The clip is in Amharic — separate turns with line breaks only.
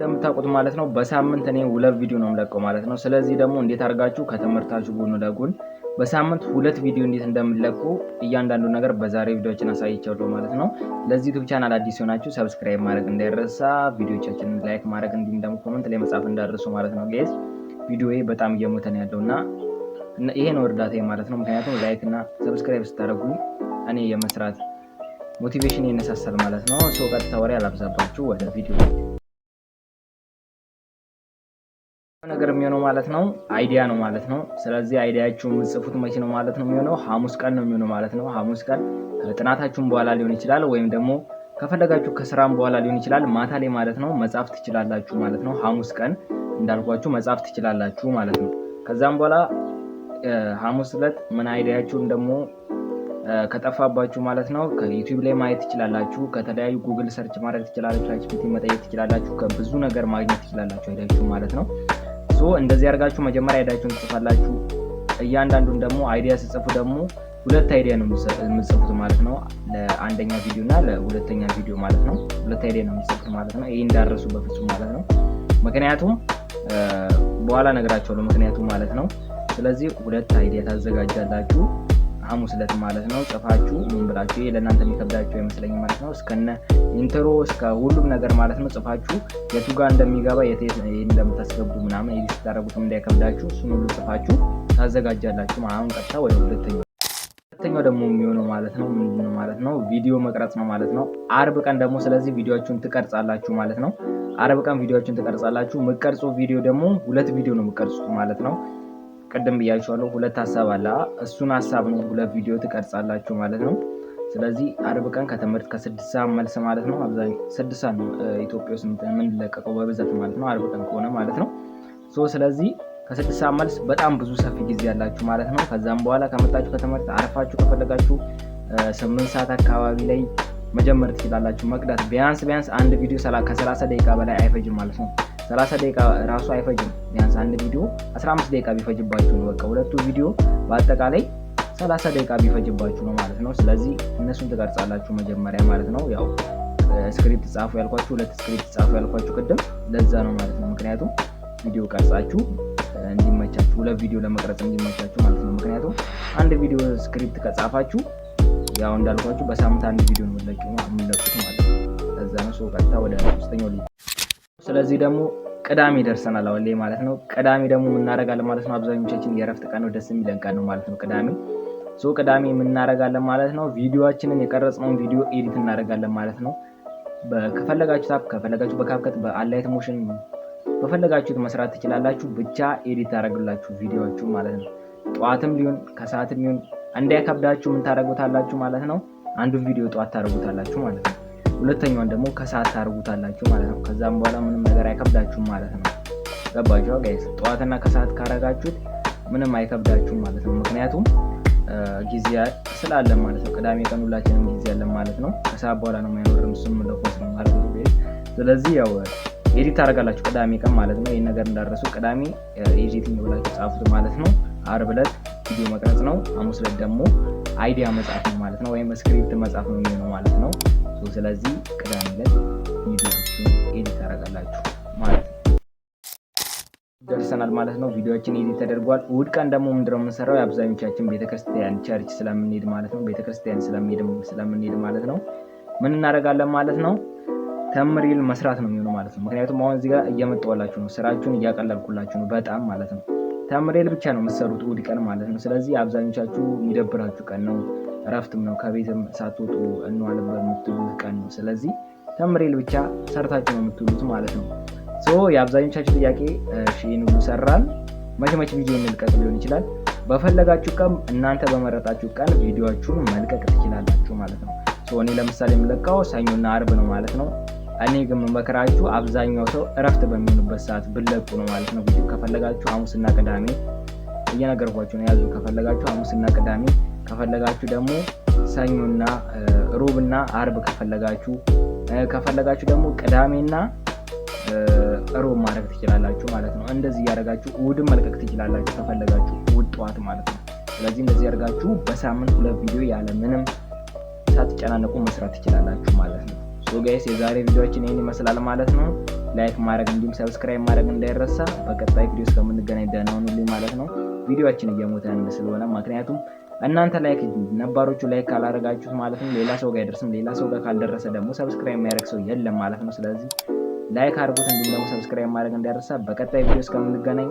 እንደምታውቁት ማለት ነው በሳምንት እኔ ሁለት ቪዲዮ ነው የምለቀው ማለት ነው። ስለዚህ ደግሞ እንዴት አድርጋችሁ ከትምህርታችሁ ጎን ለጎን በሳምንት ሁለት ቪዲዮ እንዴት እንደምለቁ እያንዳንዱ ነገር በዛሬ ቪዲዮችን አሳይቻለሁ ማለት ነው። ለዚህ ዩቱብ ቻናል አዲስ ሲሆናችሁ ሰብስክራይብ ማድረግ እንዳይረሳ፣ ቪዲዮቻችንን ላይክ ማድረግ እንዲሁም ደግሞ ኮመንት ላይ መጻፍ እንዳደረሱ ማለት ነው። ጌስ ቪዲዮ በጣም እየሞተን ያለው እና ይሄ ነው እርዳታ ማለት ነው። ምክንያቱም ላይክ እና ሰብስክራይብ ስታደርጉ እኔ የመስራት ሞቲቬሽን ይነሳሳል ማለት ነው። ሰው ቀጥታ ወሬ አላብዛባችሁ ወደ ቪዲዮ ነገር የሚሆነው ማለት ነው አይዲያ ነው ማለት ነው። ስለዚህ አይዲያችሁ የምትጽፉት መቼ ነው ማለት ነው የሚሆነው? ሐሙስ ቀን ነው የሚሆነው ማለት ነው። ሐሙስ ቀን ከጥናታችሁም በኋላ ሊሆን ይችላል ወይም ደግሞ ከፈለጋችሁ ከስራም በኋላ ሊሆን ይችላል። ማታ ላይ ማለት ነው መጻፍ ትችላላችሁ ማለት ነው። ሐሙስ ቀን እንዳልኳችሁ መጻፍ ትችላላችሁ ማለት ነው። ከዛም በኋላ ሐሙስ ዕለት ምን አይዲያችሁን ደግሞ ከጠፋባችሁ ማለት ነው ከዩቲዩብ ላይ ማየት ትችላላችሁ። ከተለያዩ ጉግል ሰርች ማድረግ ትችላላችሁ። ቻትጂፒቲ መጠየቅ ትችላላችሁ። ከብዙ ነገር ማግኘት ትችላላችሁ አይዲያችሁ ማለት ነው። ሶ እንደዚህ አድርጋችሁ መጀመሪያ አይዲያችሁን ትጽፋላችሁ። እያንዳንዱን ደግሞ አይዲያ ስጽፉ ደግሞ ሁለት አይዲያ ነው የምጽፉት ማለት ነው። ለአንደኛ ቪዲዮ እና ለሁለተኛ ቪዲዮ ማለት ነው። ሁለት አይዲያ ነው የምጽፉት ማለት ነው። ይህ እንዳረሱ በፍጹም ማለት ነው። ምክንያቱም በኋላ እነግራቸዋለሁ ምክንያቱም ማለት ነው። ስለዚህ ሁለት አይዲያ ታዘጋጃላችሁ። ሐሙስ ዕለት ማለት ነው ጽፋችሁ ምን ብላችሁ ይሄ ለእናንተ የሚከብዳችሁ አይመስለኝም ማለት ነው። እስከነ ኢንትሮ እስከ ሁሉም ነገር ማለት ነው ጽፋችሁ የቱ ጋር እንደሚገባ እንደምታስገቡ ምናምን ይህ ስታደርጉትም እንዳይከብዳችሁ እሱን ሁሉ ጽፋችሁ ታዘጋጃላችሁ። አሁን ቀጥታ ወደ ሁለተኛው ሁለተኛው ደግሞ የሚሆነው ማለት ነው ምንድነው ማለት ነው ቪዲዮ መቅረጽ ነው ማለት ነው። አርብ ቀን ደግሞ ስለዚህ ቪዲዮችሁን ትቀርጻላችሁ ማለት ነው። አርብ ቀን ቪዲዮችሁን ትቀርጻላችሁ። የምትቀርጹ ቪዲዮ ደግሞ ሁለት ቪዲዮ ነው የምትቀርጹት ማለት ነው። ቅድም ብያችኋለሁ፣ ሁለት ሀሳብ አለ። እሱን ሀሳብ ነው ሁለት ቪዲዮ ትቀርጻላችሁ ማለት ነው። ስለዚህ አርብ ቀን ከትምህርት ከስድስት ሰዓት መልስ ማለት ነው። አብዛኛው ስድስት ሰዓት ነው ኢትዮጵያ ውስጥ የምንለቀቀው በብዛት ማለት ነው፣ አርብ ቀን ከሆነ ማለት ነው። ስለዚህ ከስድስት ሰዓት መልስ በጣም ብዙ ሰፊ ጊዜ ያላችሁ ማለት ነው። ከዛም በኋላ ከመጣችሁ ከትምህርት አርፋችሁ ከፈለጋችሁ ስምንት ሰዓት አካባቢ ላይ መጀመር ትችላላችሁ መቅዳት። ቢያንስ ቢያንስ አንድ ቪዲዮ ከሰላሳ ደቂቃ በላይ አይፈጅም ማለት ነው። ሰላሳ ደቂቃ ራሱ አይፈጅም ቢያንስ አንድ ቪዲዮ 15 ደቂቃ ቢፈጅባችሁ ነው። በቃ ሁለቱ ቪዲዮ በአጠቃላይ 30 ደቂቃ ቢፈጅባችሁ ነው ማለት ነው። ስለዚህ እነሱን ትቀርጻላችሁ መጀመሪያ ማለት ነው። ያው ስክሪፕት ጻፉ ያልኳችሁ ሁለት ስክሪፕት ጻፉ ያልኳችሁ ቅድም ለዛ ነው ማለት ነው። ምክንያቱም ቪዲዮ ቀርጻችሁ እንዲመቻችሁ ሁለት ቪዲዮ ለመቅረጽ እንዲመቻችሁ ማለት ነው። ምክንያቱም አንድ ቪዲዮ ስክሪፕት ከጻፋችሁ ያው እንዳልኳችሁ በሳምንት አንድ ቪዲዮ ነው የምንለቁት ማለት ነው። ለዛ ነው ሰው ቀጥታ ወደ ሶስተኛው። ስለዚህ ደግሞ ቅዳሜ ደርሰናል አሁን ላይ ማለት ነው። ቅዳሜ ደግሞ የምናደርጋለን ማለት ነው። አብዛኞቻችን የእረፍት ቀን ነው፣ ደስ የሚለን ቀን ነው ማለት ነው ቅዳሜ። ሶ ቅዳሜ የምናደርጋለን ማለት ነው። ቪዲዮችንን የቀረጽነውን ቪዲዮ ኤዲት እናደርጋለን ማለት ነው። ከፈለጋችሁ ታፕ፣ ከፈለጋችሁ በካፕከት በአላይት ሞሽን በፈለጋችሁት መስራት ትችላላችሁ። ብቻ ኤዲት ታደርግላችሁ ቪዲዮችሁ ማለት ነው። ጠዋትም ሊሆን ከሰዓትም ሊሆን እንዳይከብዳችሁ ምን ታደርጉታላችሁ ማለት ነው። አንዱን ቪዲዮ ጠዋት ታደርጉታላችሁ ማለት ነው። ሁለተኛውን ደግሞ ከሰዓት ታደርጉታላችሁ ማለት ነው። ከዛም በኋላ ምንም ነገር አይከብዳችሁም ማለት ነው። ገባችሁ ጋይስ? ጠዋትና ከሰዓት ካረጋችሁት ምንም አይከብዳችሁም ማለት ነው። ምክንያቱም ጊዜ ስላለ ማለት ነው። ቅዳሜ ቀን ሁላችንም ጊዜ አለን ማለት ነው። ከሰዓት በኋላ ነው የማይኖርም እሱም ለኮስ ነው ማለት ነው። ስለዚህ ያው ኤዲት ታደርጋላችሁ ቅዳሜ ቀን ማለት ነው። ይህን ነገር እንዳረሱ ቅዳሜ ኤዲት ብላችሁ ጻፉት ማለት ነው። አርብ ዕለት ቪዲዮ መቅረጽ ነው። ሐሙስ ዕለት ደግሞ አይዲያ መጽሐፍ ነው ማለት ነው፣ ወይም ስክሪፕት መጽሐፍ ነው የሚሆነው ማለት ነው። ስለዚህ ቅዳሜ ለት ቪዲዮዎቹን ኤዲት ታደረጋላችሁ ማለት ነው። ደርሰናል ማለት ነው። ቪዲዮዎችን ኤዲት ተደርጓል። ውድ ቀን ደግሞ ምንድ ነው የምንሰራው? የአብዛኞቻችን ቤተክርስቲያን ቸርች ስለምንሄድ ማለት ነው ቤተክርስቲያን ስለምንሄድ ማለት ነው ምን እናደርጋለን ማለት ነው ተምሪል መስራት ነው የሚሆነው ማለት ነው። ምክንያቱም አሁን እዚጋ እየመጠዋላችሁ ነው፣ ስራችሁን እያቀለልኩላችሁ ነው በጣም ማለት ነው። ተምሬል ብቻ ነው የምትሰሩት እሑድ ቀን ማለት ነው። ስለዚህ አብዛኞቻችሁ የሚደብራችሁ ቀን ነው፣ እረፍትም ነው፣ ከቤትም ሳትወጡ እንዋል የምትሉት ቀን ነው። ስለዚህ ተምሬል ብቻ ሰርታችሁ ነው የምትውሉት ማለት ነው። የአብዛኞቻችሁ ጥያቄ ሽን ሁሉ ሰራን መቼ መቼ ቪዲዮ እንልቀቅ ሊሆን ይችላል። በፈለጋችሁ ቀን እናንተ በመረጣችሁ ቀን ቪዲዮችሁን መልቀቅ ትችላላችሁ ማለት ነው። እኔ ለምሳሌ የምለቀው ሰኞና አርብ ነው ማለት ነው። እኔ ግን መመከራችሁ አብዛኛው ሰው እረፍት በሚሆኑበት ሰዓት ብለቁ ነው ማለት ነው። ቪዲዮ ከፈለጋችሁ ሐሙስና ቅዳሜ እየነገርኳችሁ ነው ያዙ። ከፈለጋችሁ ሐሙስና ቅዳሜ፣ ከፈለጋችሁ ደግሞ ሰኞና ሮብና አርብ፣ ከፈለጋችሁ ከፈለጋችሁ ደግሞ ቅዳሜና ሮብ ማድረግ ትችላላችሁ ማለት ነው። እንደዚህ እያደረጋችሁ እሑድን መልቀቅ ትችላላችሁ ከፈለጋችሁ እሑድ ጠዋት ማለት ነው። ስለዚህ እንደዚህ ያደርጋችሁ በሳምንት ሁለት ቪዲዮ ያለ ምንም ሳትጨናነቁ መስራት ትችላላችሁ ማለት ነው። ሶ ጋይስ የዛሬ ቪዲዮችን ይህን ይመስላል ማለት ነው። ላይክ ማድረግ እንዲሁም ሰብስክራይብ ማድረግ እንዳይረሳ። በቀጣይ ቪዲዮ እስከምንገናኝ ደህና ሁኑልኝ ማለት ነው። ቪዲዮችን እየሞተን ስለሆነ ምክንያቱም እናንተ ላይክ ነባሮቹ ላይክ ካላደረጋችሁት ማለት ነው ሌላ ሰው ጋር አይደርስም። ሌላ ሰው ጋር ካልደረሰ ደግሞ ሰብስክራይብ የሚያደርግ ሰው የለም ማለት ነው። ስለዚህ ላይክ አድርጉት፣ እንዲሁም ደግሞ ሰብስክራይብ ማድረግ እንዳይረሳ። በቀጣይ ቪዲዮ እስከምንገናኝ